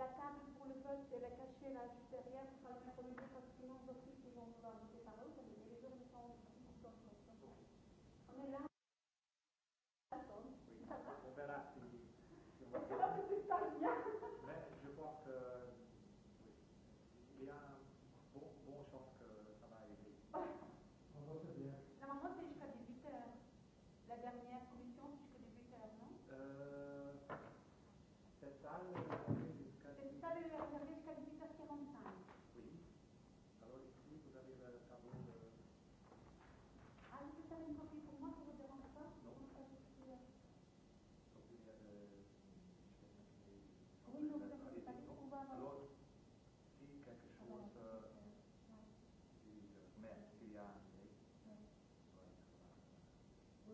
la table pour le peuple et la cacher la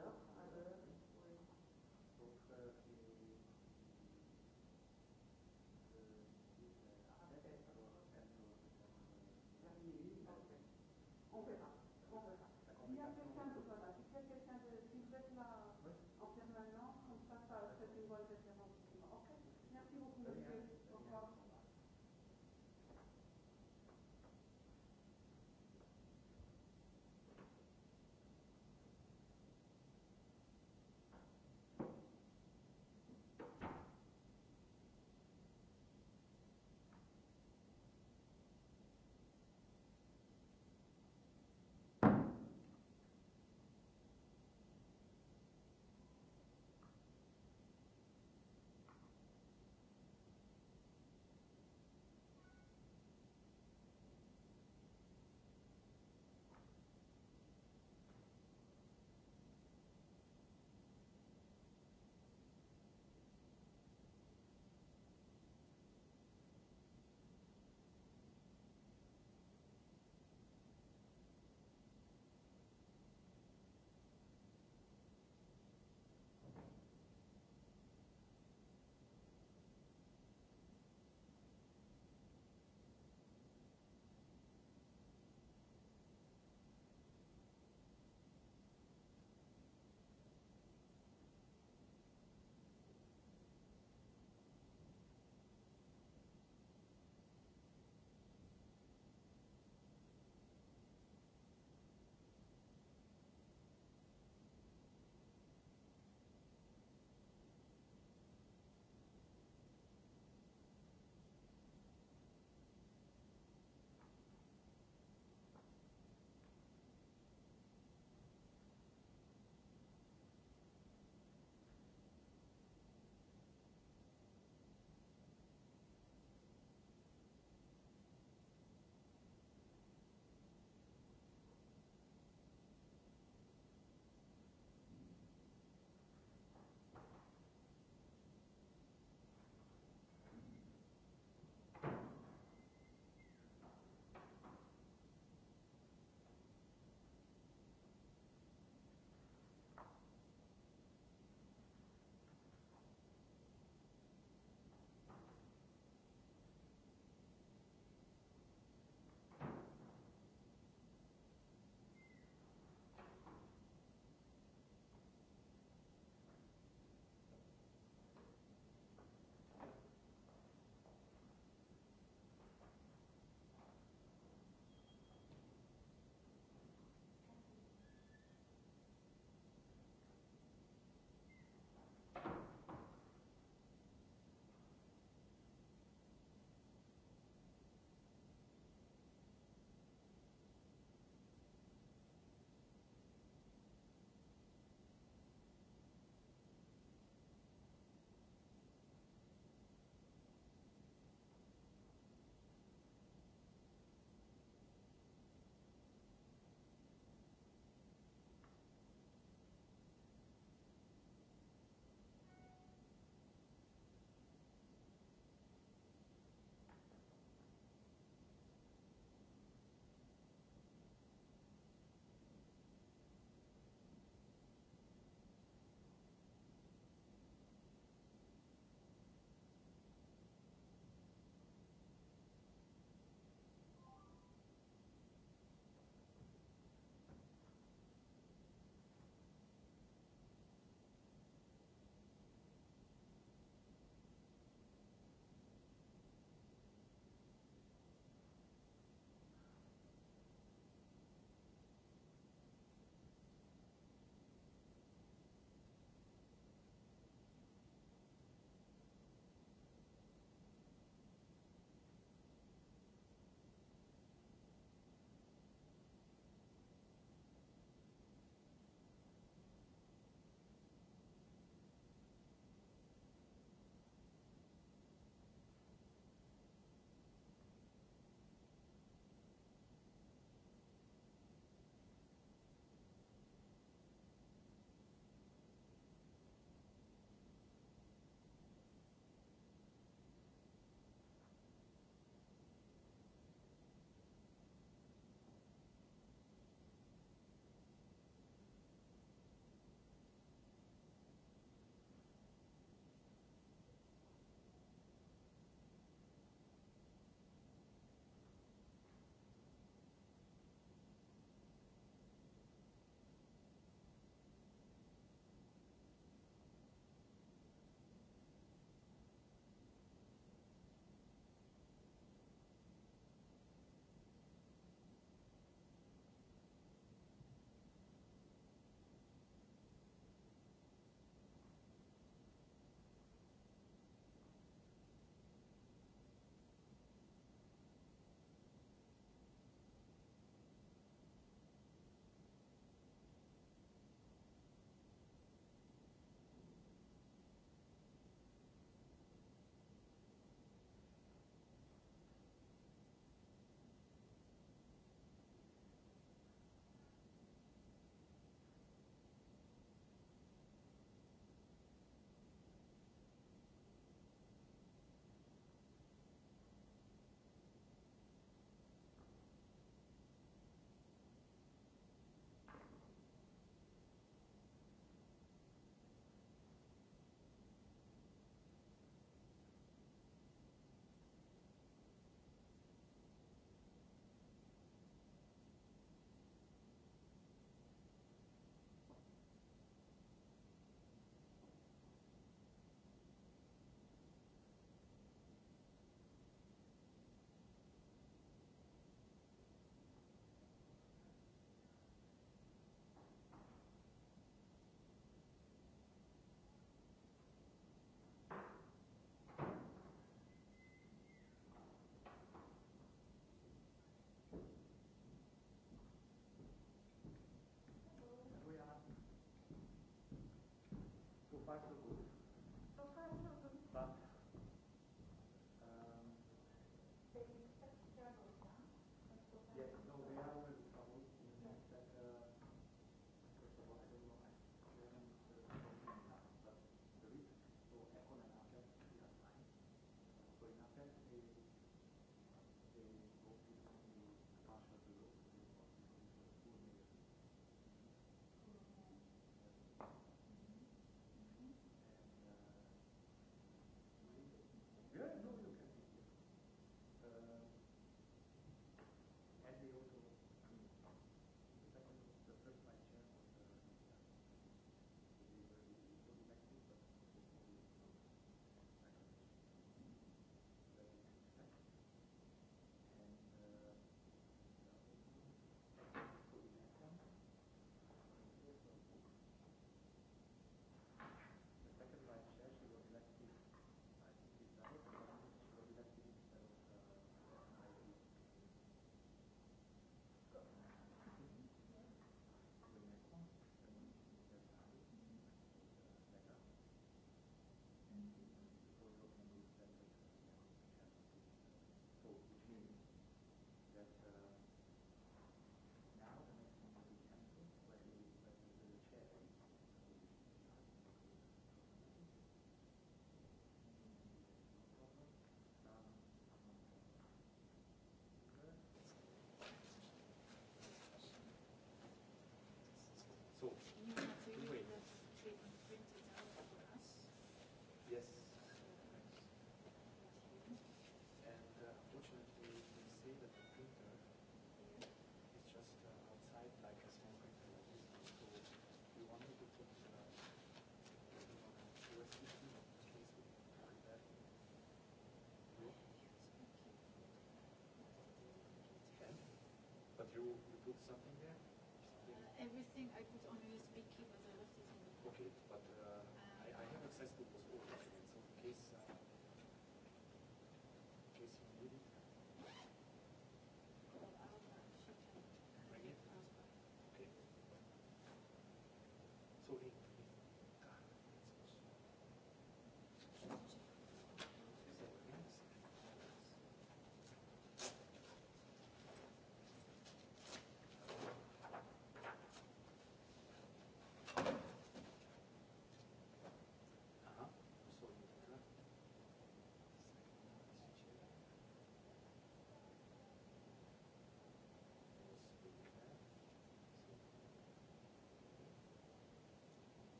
alors impactul put something everything I put on but Okay, but I, I have access to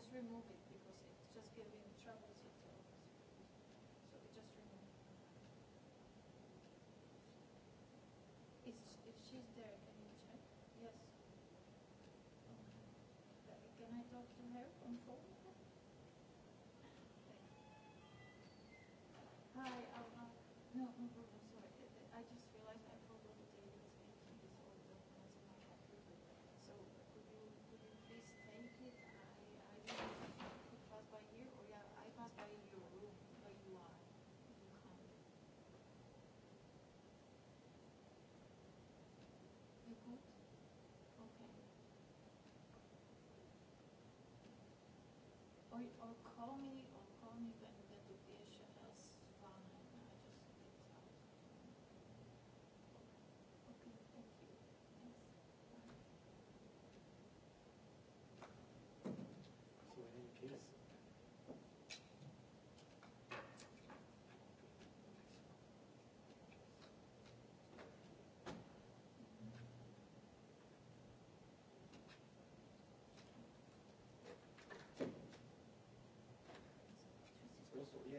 just remove it because it's just giving trouble to So we just remove it. if she's there, can you check? Yes. Can I talk to her on phone? or call me or call me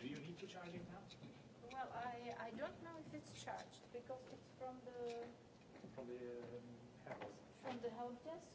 Do you need to charge it now? Well, I, I don't know if it's charged because it's from the... From the um, From the health desk.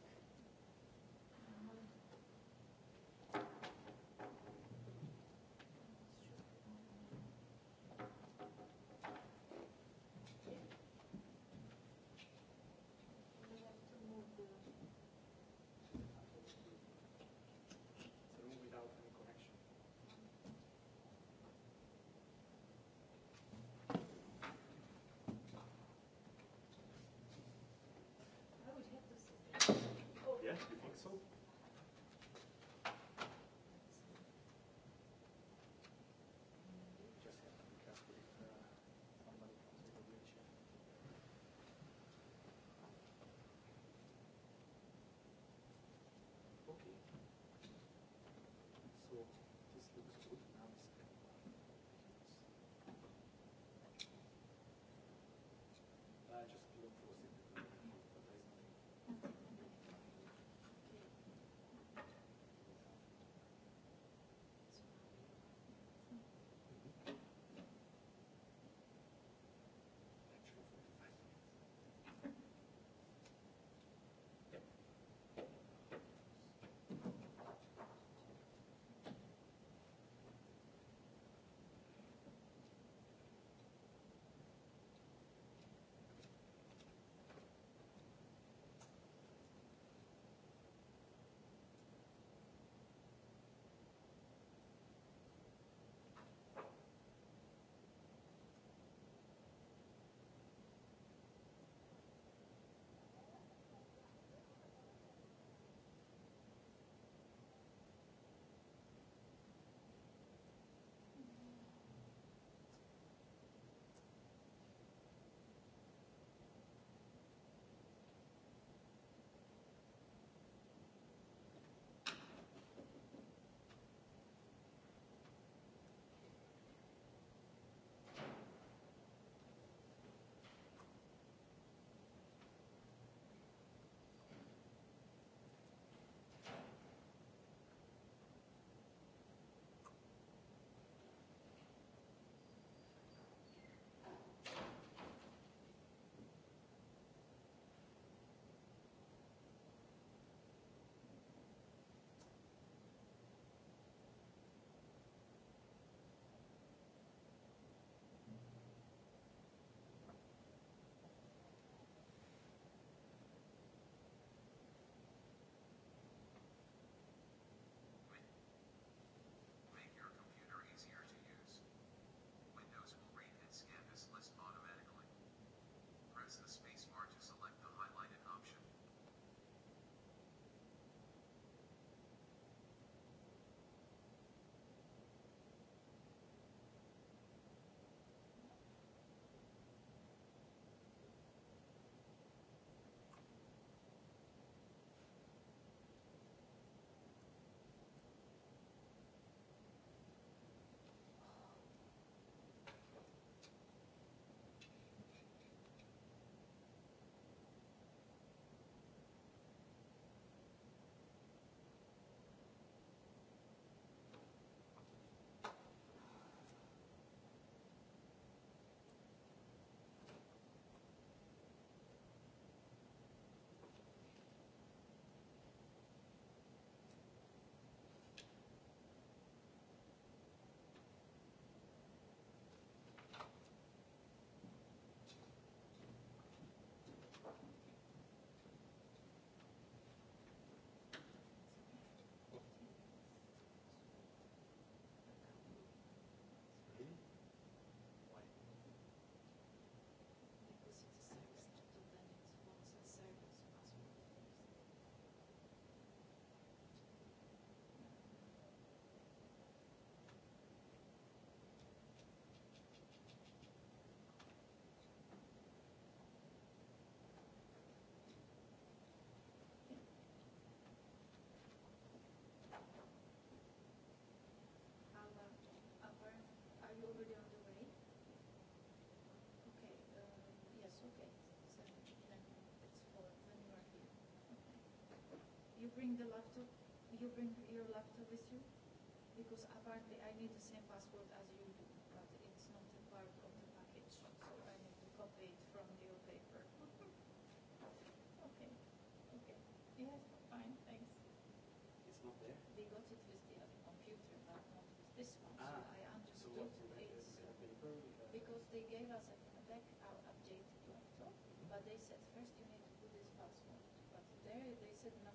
AUTHORWAVE the laptop? You bring your laptop with you? Because apparently I need the same password as you do, but it's not a part of the package, so I need to copy it from your paper. okay, okay. Yes, fine, thanks. It's not there? We got it with the other computer, but not with this one, so I understood it's... because they gave us a back our updated laptop, but they said first you need to do this password. But there they said no.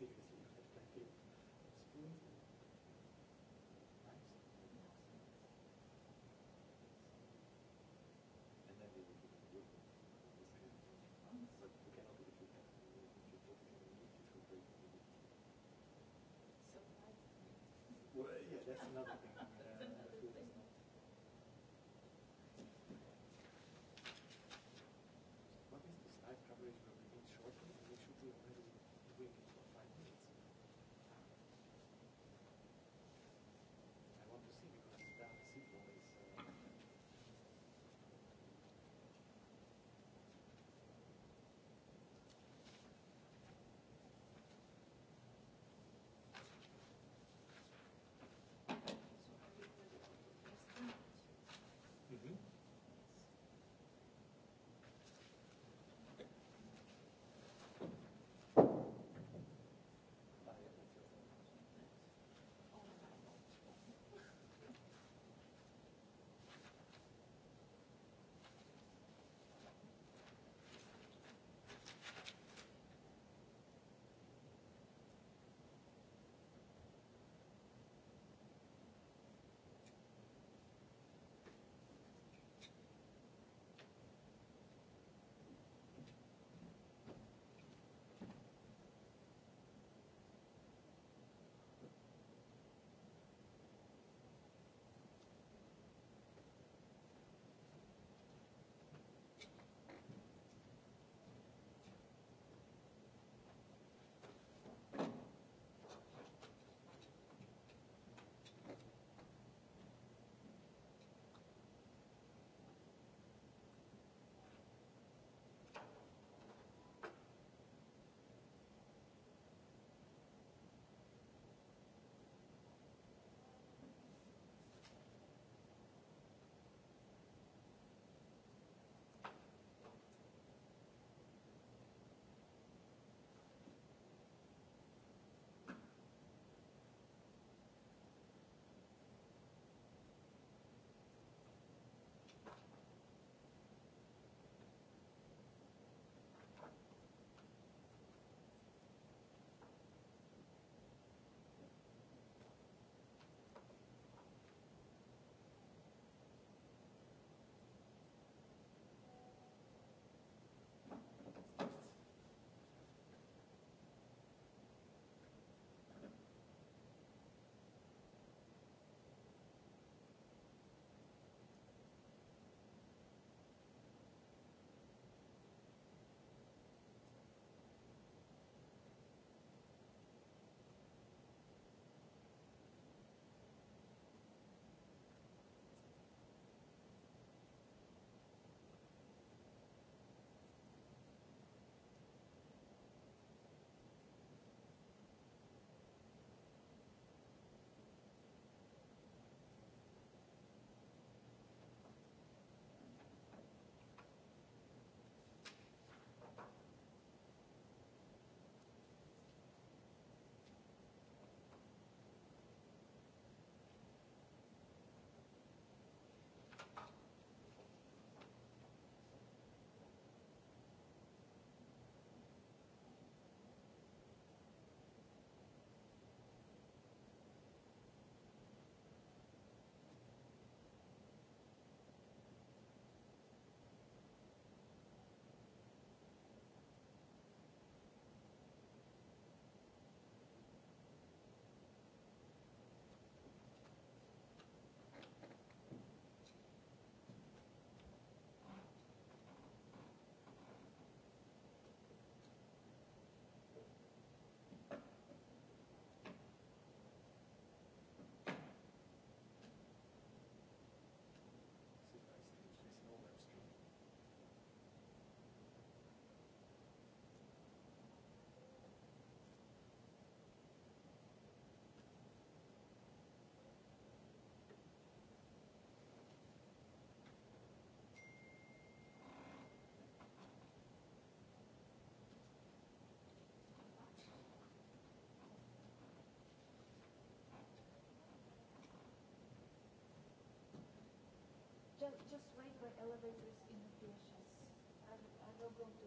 Well, yeah, that's another thing. Just wait by elevators in the PHS. I will go to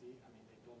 see. I mean, they don't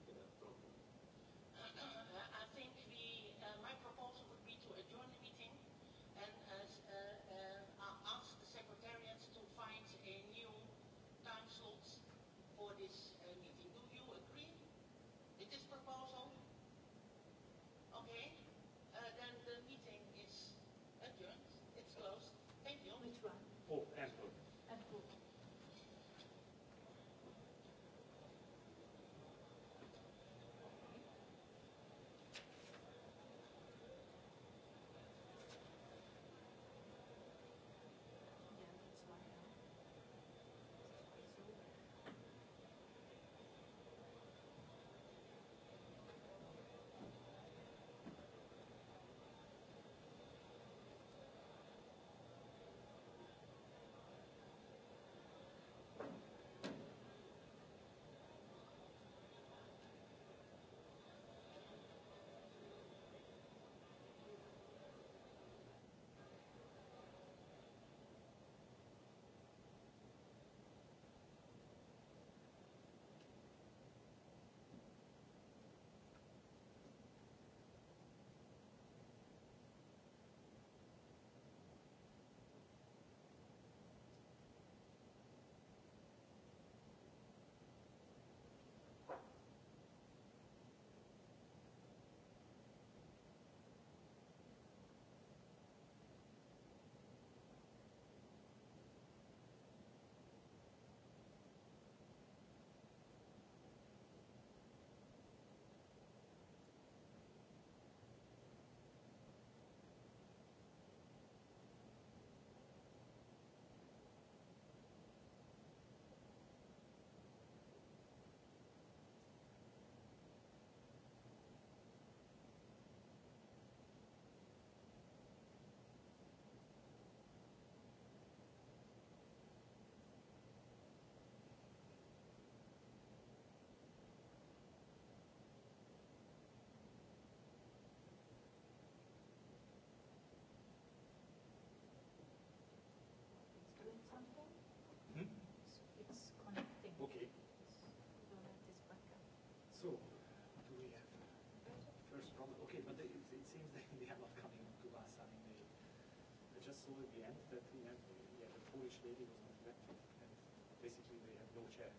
just saw at the end that the Polish lady was not elected, and basically they had no chair.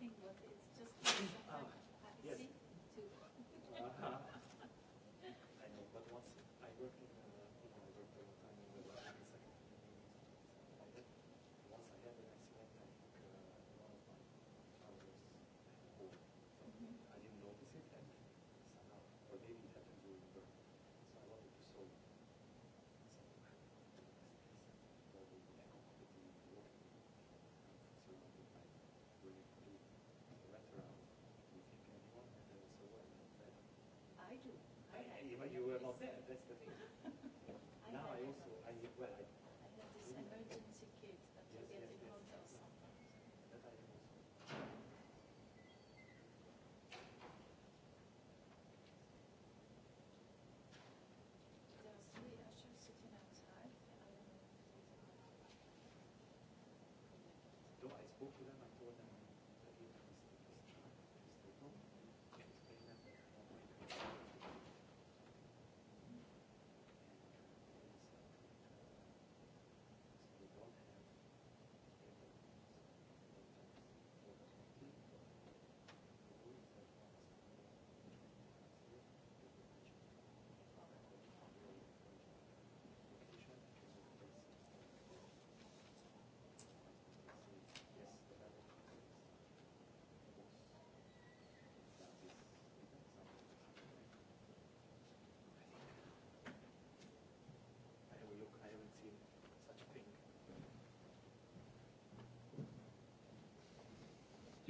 think what Υπότιτλοι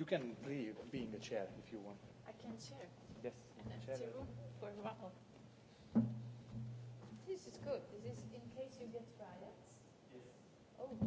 You can be in the chair if you want. I can chair. Yes. And chair. for a while. This is good. This is in case you get riots. Yes. Oh.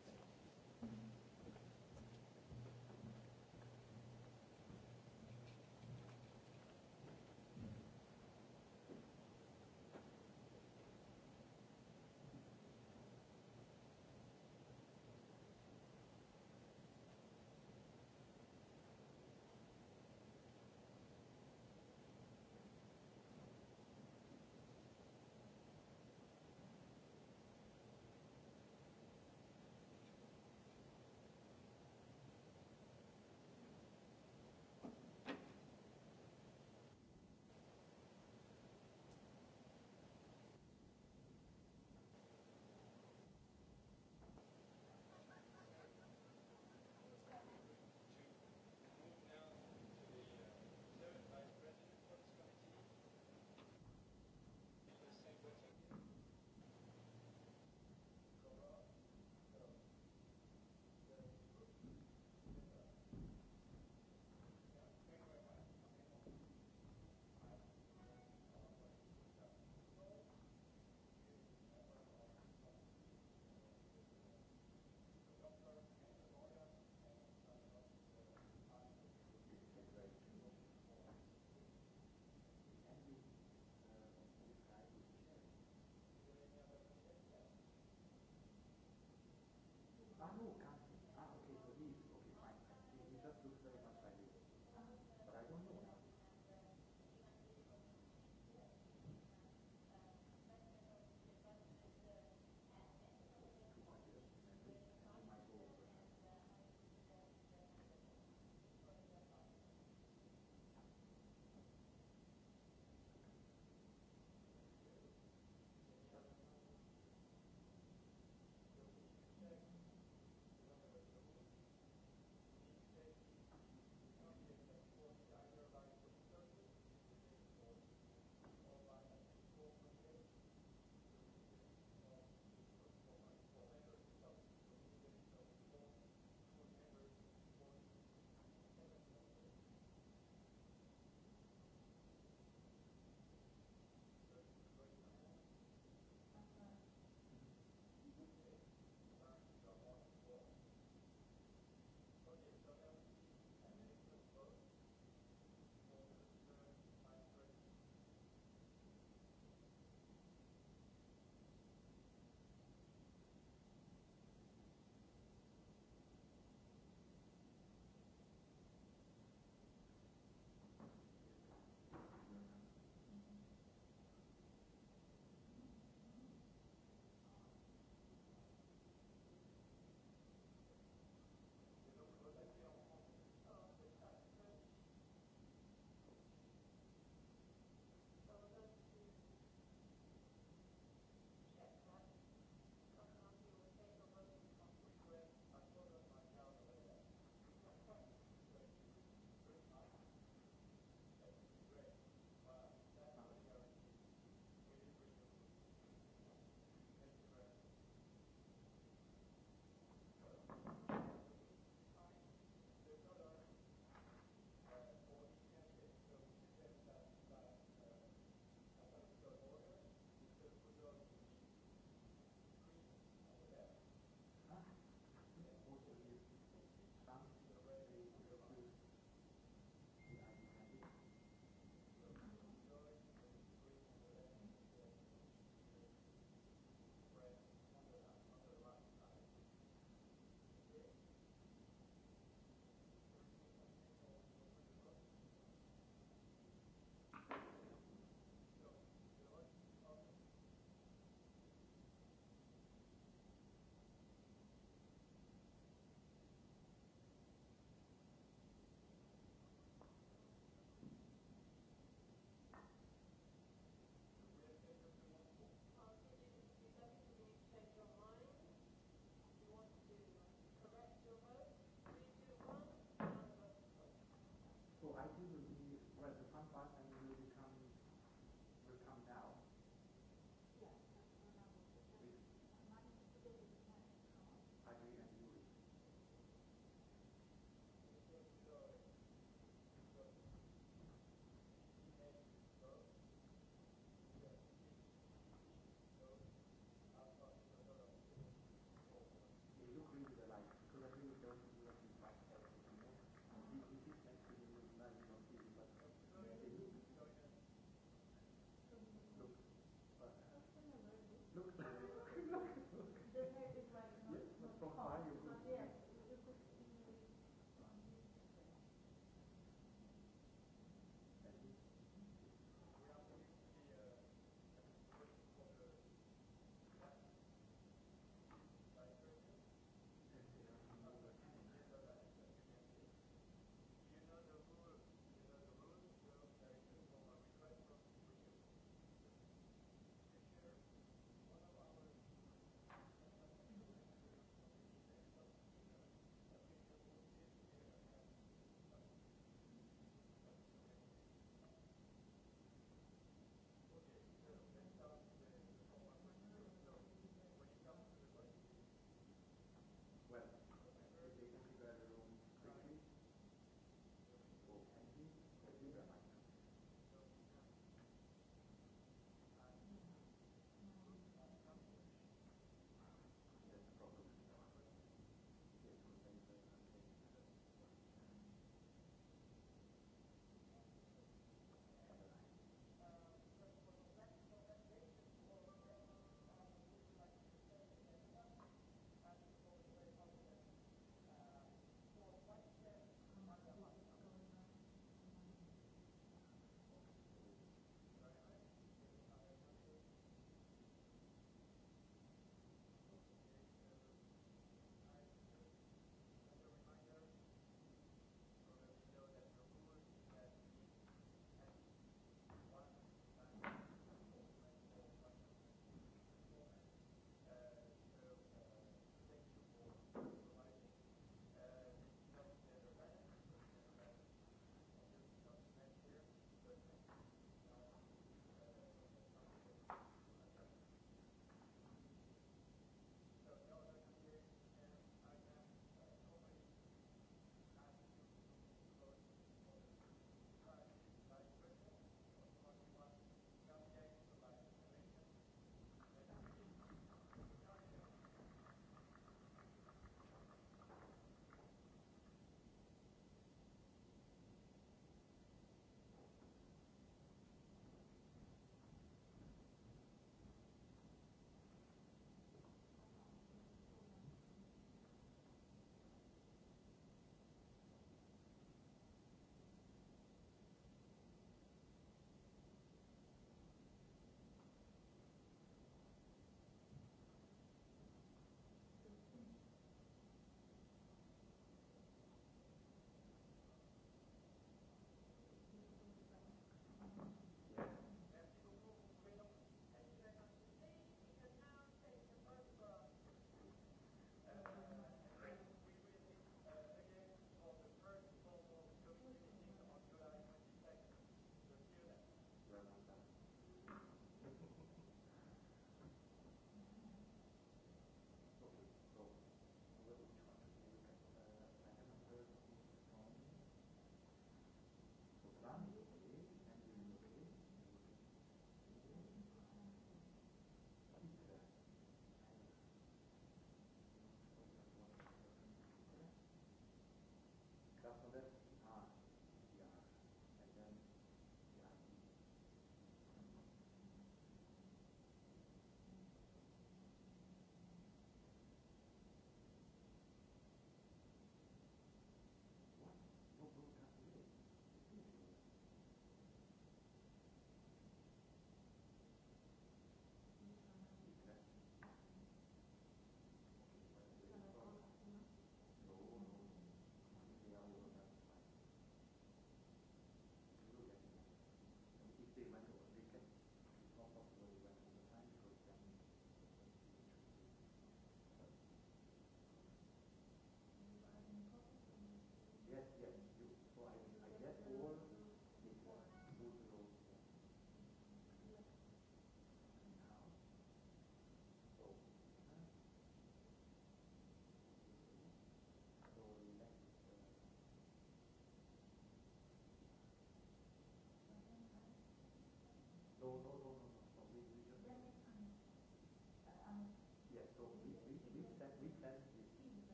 AUTHORWAVE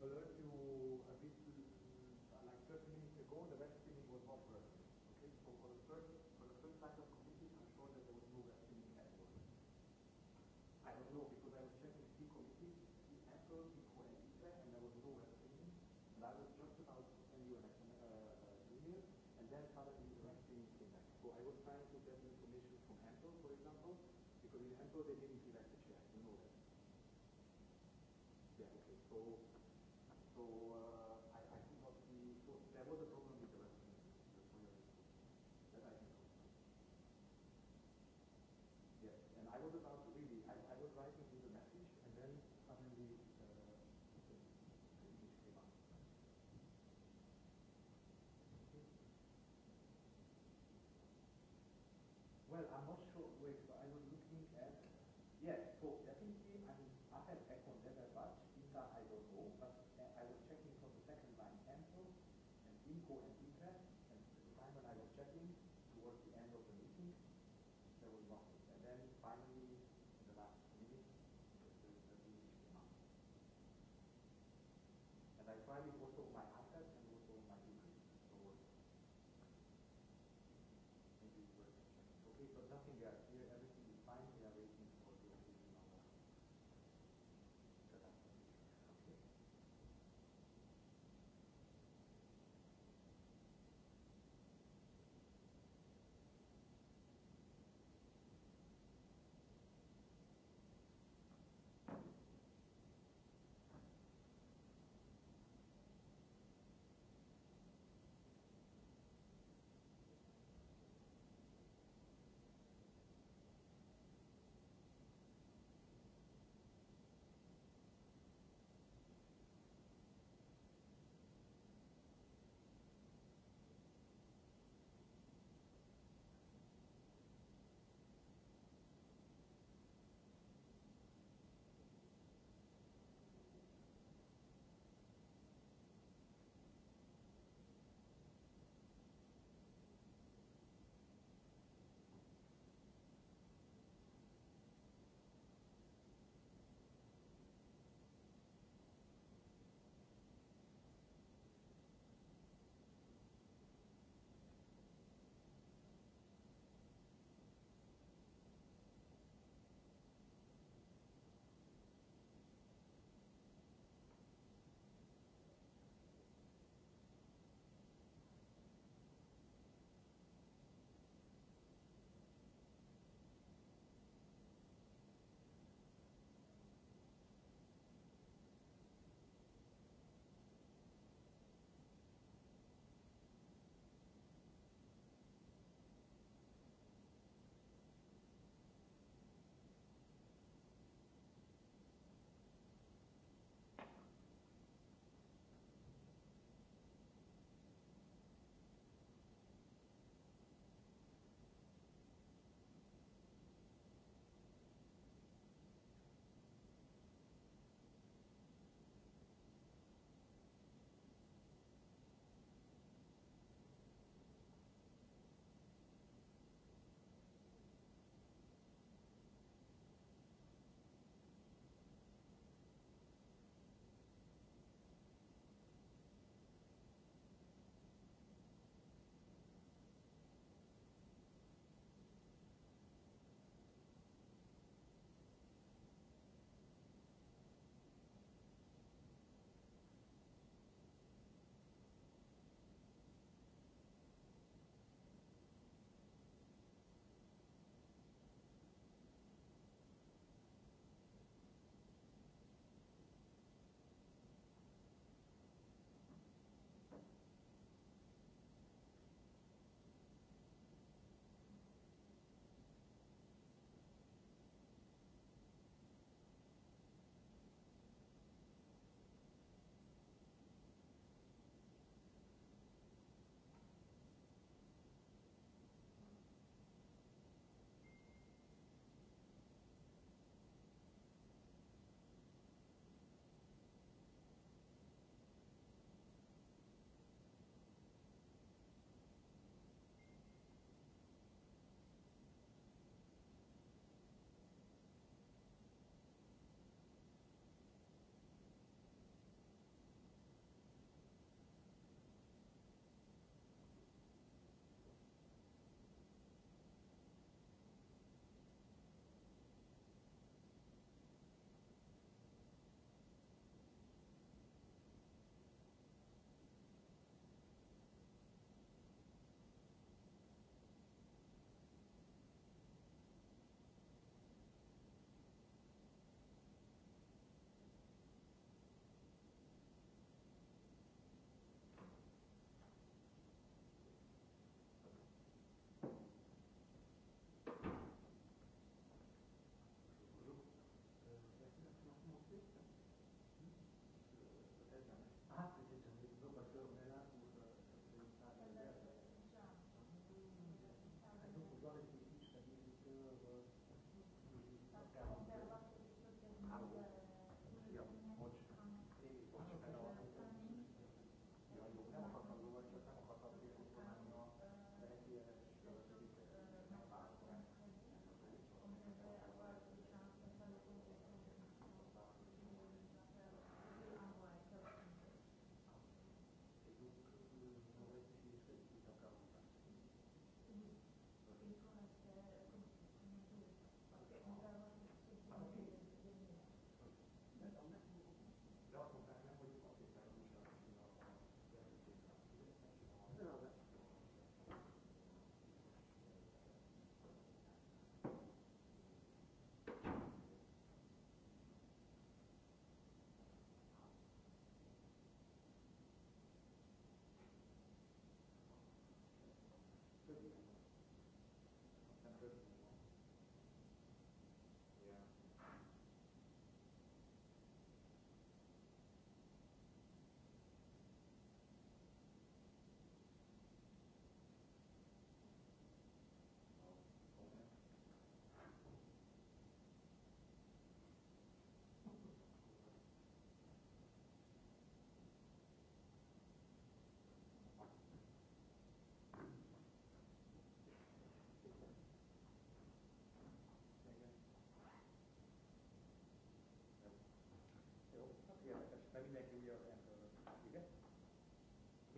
alert you a bit like 30 minutes ago, the vaccine was not working. Okay, so for the first, for the first kind of committee, I'm sure that there was no vaccine at Apple. I don't know because I was checking the committee, the Apple, the Coenita, and there was no vaccine. And I was just about to send you an email, and then suddenly the vaccine came back. So I was trying to get information from Apple, for example, because in Apple they didn't give us the check, you know that. Yeah, okay, so So uh, I, I think what the, so there was a problem with the Western that I think. Yes, and I was about to really, I, I was writing the message, and then suddenly Well, I'm not sure. Wait, Ευχαριστώ. πώς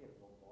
genomgång.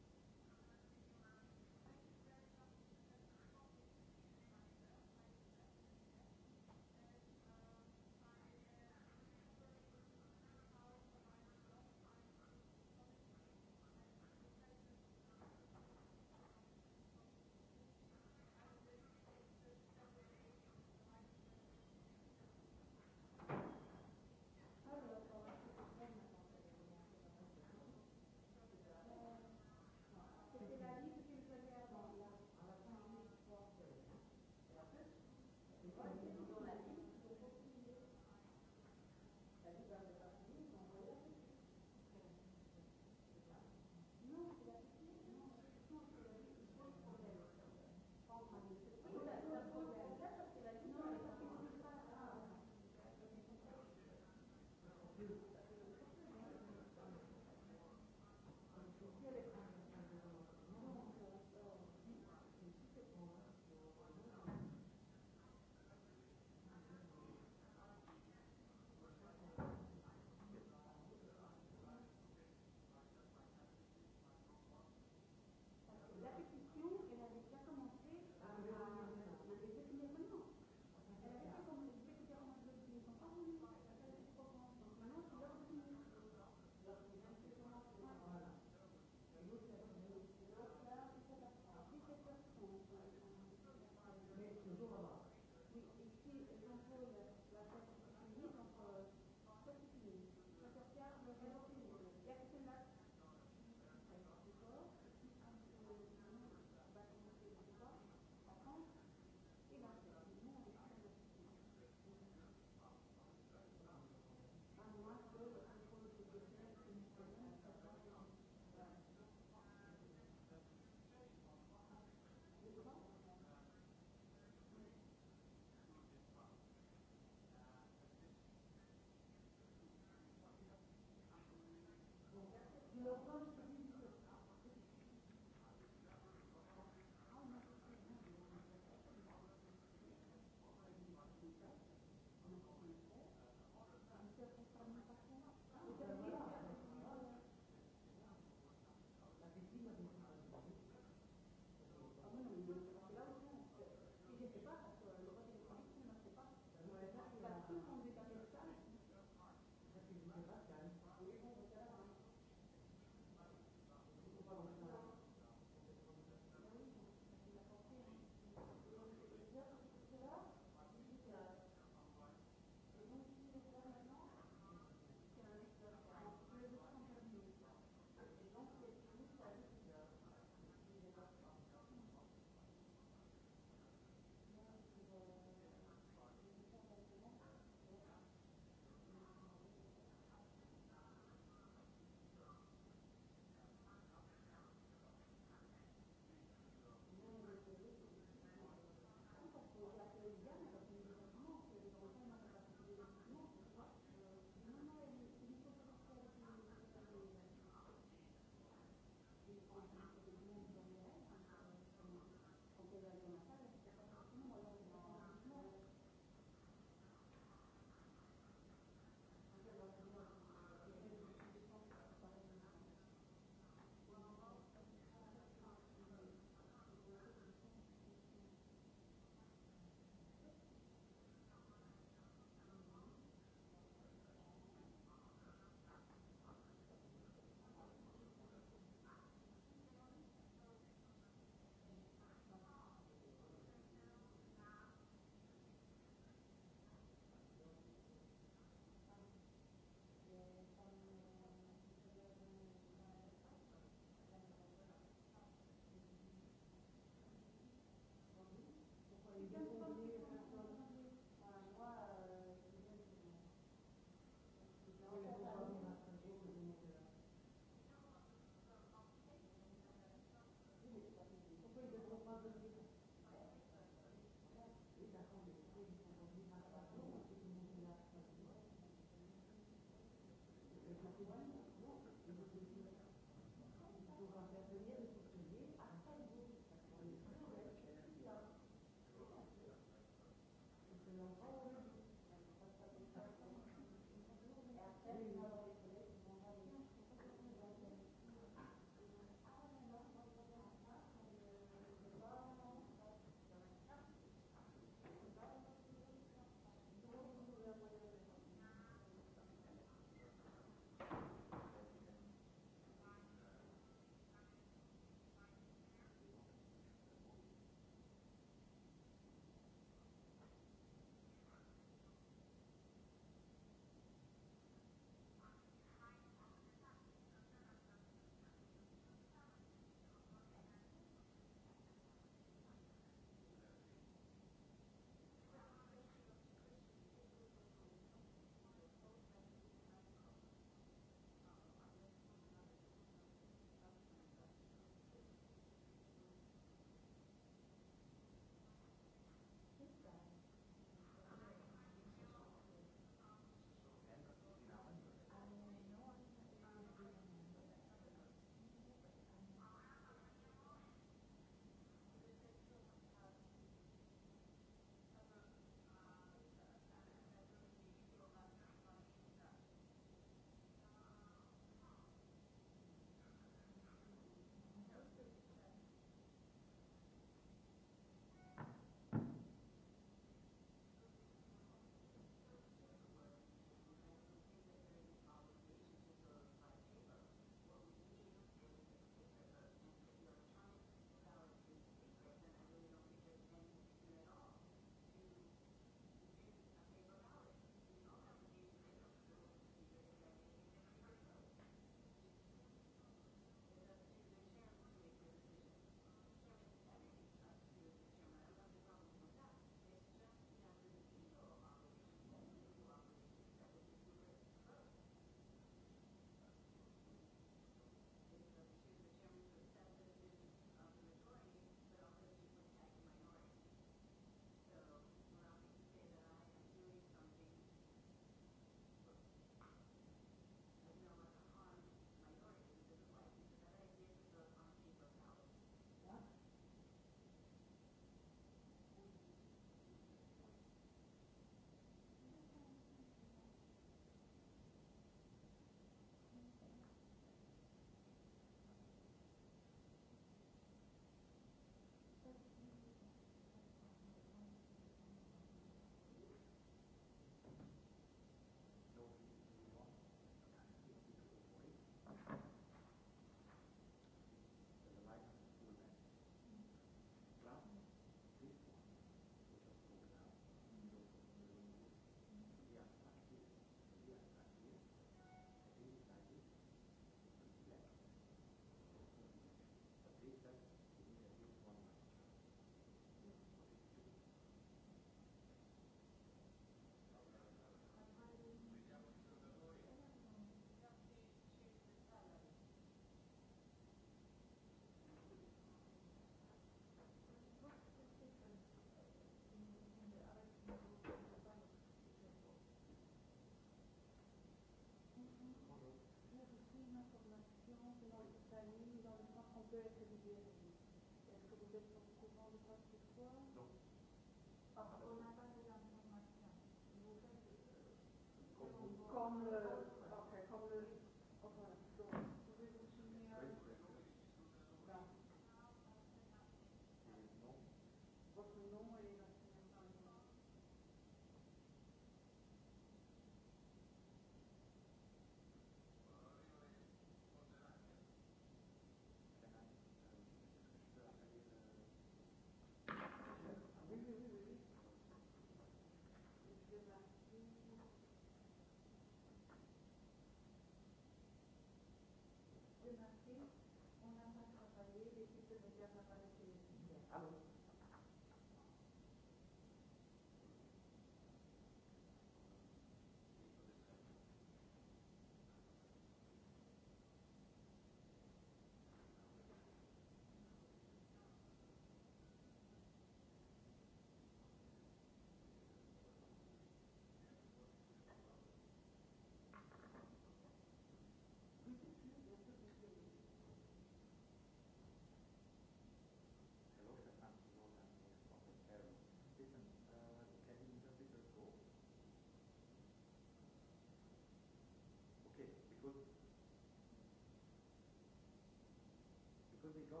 Yes,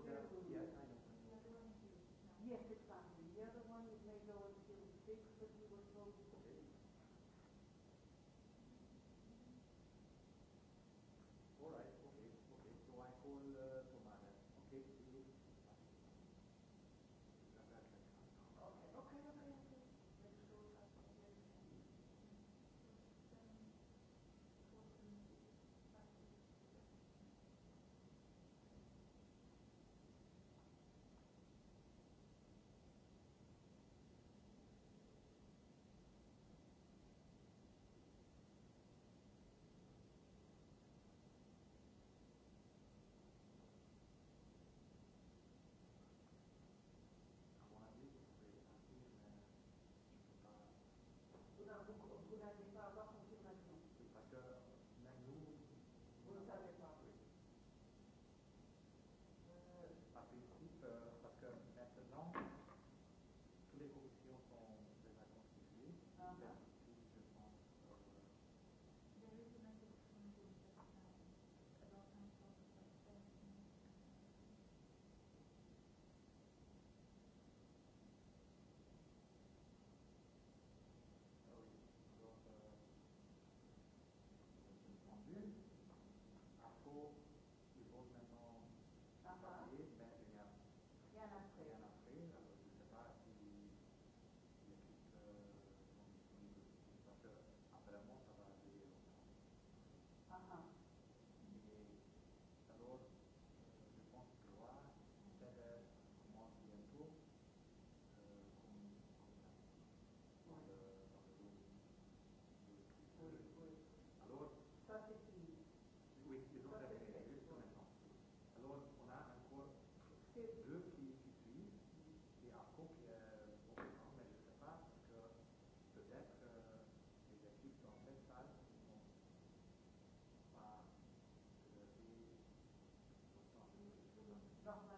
I Υπότιτλοι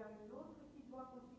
για μειώθηκε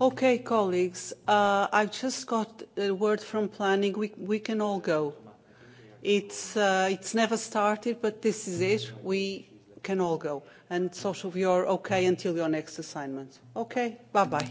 Okay, colleagues, uh, I just got a word from planning. We, we can all go. It's, it's never started, but this is it. We can all go. And of, you're okay until your next assignment. Okay, bye-bye.